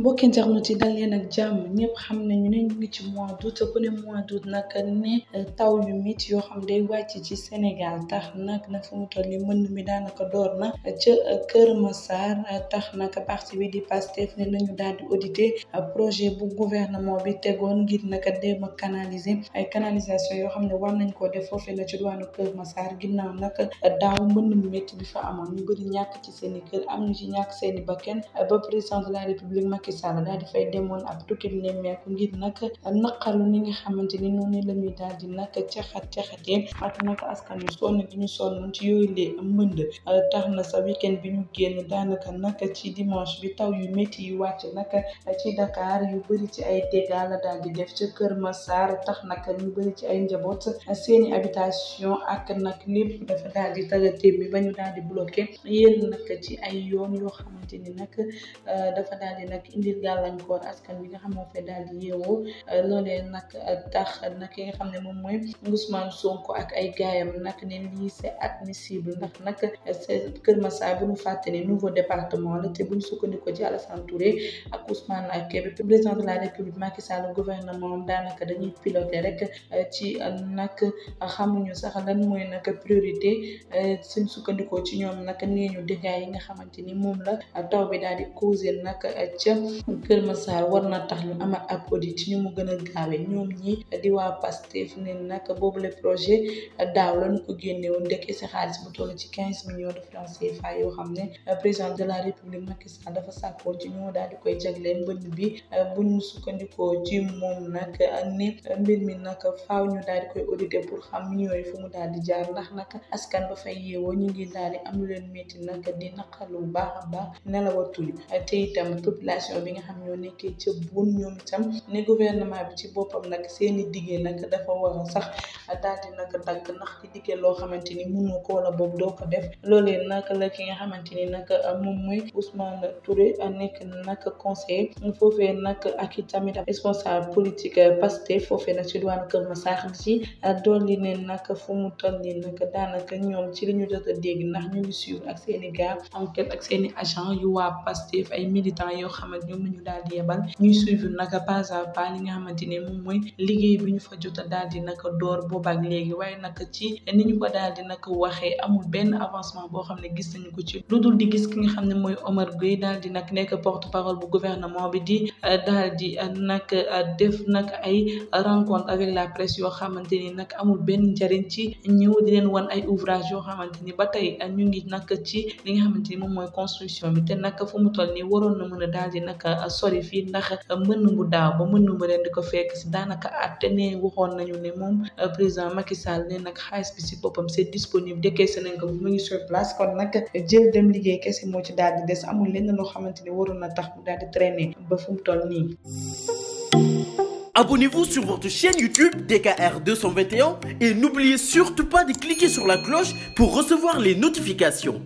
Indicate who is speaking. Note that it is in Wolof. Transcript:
Speaker 1: mbokki internet yi dal leen ak jàmm ñëpp xam nañu ne ñu ngi ci mois d'août ku ne mois d'août nag ne euh, taw yu mit yoo xam day wàcc ci Sénégal tax nag na fu ni mën mi daanaka door na ca euh, Kër Massar tax nag parti bi di Pastef ne nañu daal di auditer euh, projet bu gouvernement bi tegoon ngir naka dem canaliser ay canalisation yoo xam ne war nañ koo def foofee na ci duwaanu Kër Massar ginnaaw nag daaw mën mi métti bi fa amoon ñu bëri ñàkk ci seen kër am ñu ci ñàkk seen i bakkan ba président de la république Macky Macky Sall daal di fay demoon ab tukki nemmeeku ngir nag naqalu ni nga xamante ni noonu la ñuy daal di nag caxat caxatee ak nag askan wi sonn gi ñu sonn ci yooyu lee mbënd tax na sa weekend bi ñu génn daanaka nag ci dimanche bi taw yu métti yu wàcc nag ci Dakar yu bëri ci ay dégâts daal di def ca Kër ma Massar tax nag ñu bëri ci ay njaboot seeni habitation ak nag lépp dafa daal di taggatéem bi ba ñu daal di bloqué yéen nag ci ay yoon yoo xamante ni dafa daal di nag indil gàllankoor askan bi nga xam ne fay di yeewoo loolee nag tax nag nga xam ne moom mooy Ousmane Sonko ak ay gaayam nag ne lii c'est admissible ndax nag Kër Massar bu ñu fàtte ne nouveau département la a bu ñu sukkandikoo ci Alassane Touré la République Macky Sall gouvernement daanaka dañuy piloté rek ci nag xamuñu sax lan mooy nag priorité suñ sukkandikoo ci ñoom yi nga xamante ni moom la taw bi daal di causé nag ca Kër Massar war na tax ñu amal ab audit ñu mu gën a gaawe ñoom ñi di waa Pastef ne nag boobule projet daaw lañu ko génne woon ndekkee si xaalis bu toll ci quinze millions de francs CFA yoo xam ne président de la république Macky Sall dafa sàkkoon ci ñoo daal di koy jagleen mbënn bi bu ñu sukkandikoo ci moom nag ne mbir mi nag faaw ñu daal di koy auditer pour xam millions yi fu mu daal di jaar ndax nag askan ba fay yeewoo ñu ngi daal di am lu leen métti nag di naqar lu baax a baax nelawatuñu te itam population bi nga xam nekkee ca buun ñoom itam ne gouvernement bi ci boppam nag seen i diggé nag dafa a sax daal di di loo xamante ni mënoo ko wala boobu doo ko def loolee nag la ki nga xamante ni nag moom mooy Ousmane Touré nekk nag conseiller foofee nag ak i tamit responsable politique Pastef foofee nag ci diwaan Kër Massar ci dolli ne nag fu mu toll nii nag daanaka ñoom ci li ñu jot a dégg ndax ñu ngi suivre ak seen i gars enquête ak seen i agent yu waa Pastef ay militants yoo xamante ñoom la ñu daal di yebal ñuy suivre naka pas à pas li nga xamante ne moom mooy liggéey bi ñu fa jot a daal di waaye naka ci ni ñu ko daal di naka waxee amul benn avancement boo xam ne gis nañu ko ci lu di gis ki nga xam ne mooy Omar Gueye daal di nag nekk porte parole bu gouvernement bi di daal di nag def nag ay rencontre avec la presse yoo xamante ni nag amul benn njëriñ ci ñëw leen wan ay ouvrage yoo xamante ni ba tey ñu ngi nag ci li nga xamante ni moom mooy construction bi te nag fu mu toll nii waroon na mën a daal di daanaka sori fii ndax mën mu daaw ba mën mu ren di ko fekk si daanaka atte ne waxoon nañu ne moom euh, président Macky Sall ne nag xaalis bi si boppam c'est disponible décaissé nañ ko bu mu ngi sur kon nag jël dem liggéey kese moo ci daal di des amul lenn loo xamante ne waroon na tax mu daal di traîner ba fu mu toll nii. Abonnez-vous sur votre chaîne YouTube DKR 221 et n'oubliez surtout pas de cliquer sur la cloche pour recevoir les notifications.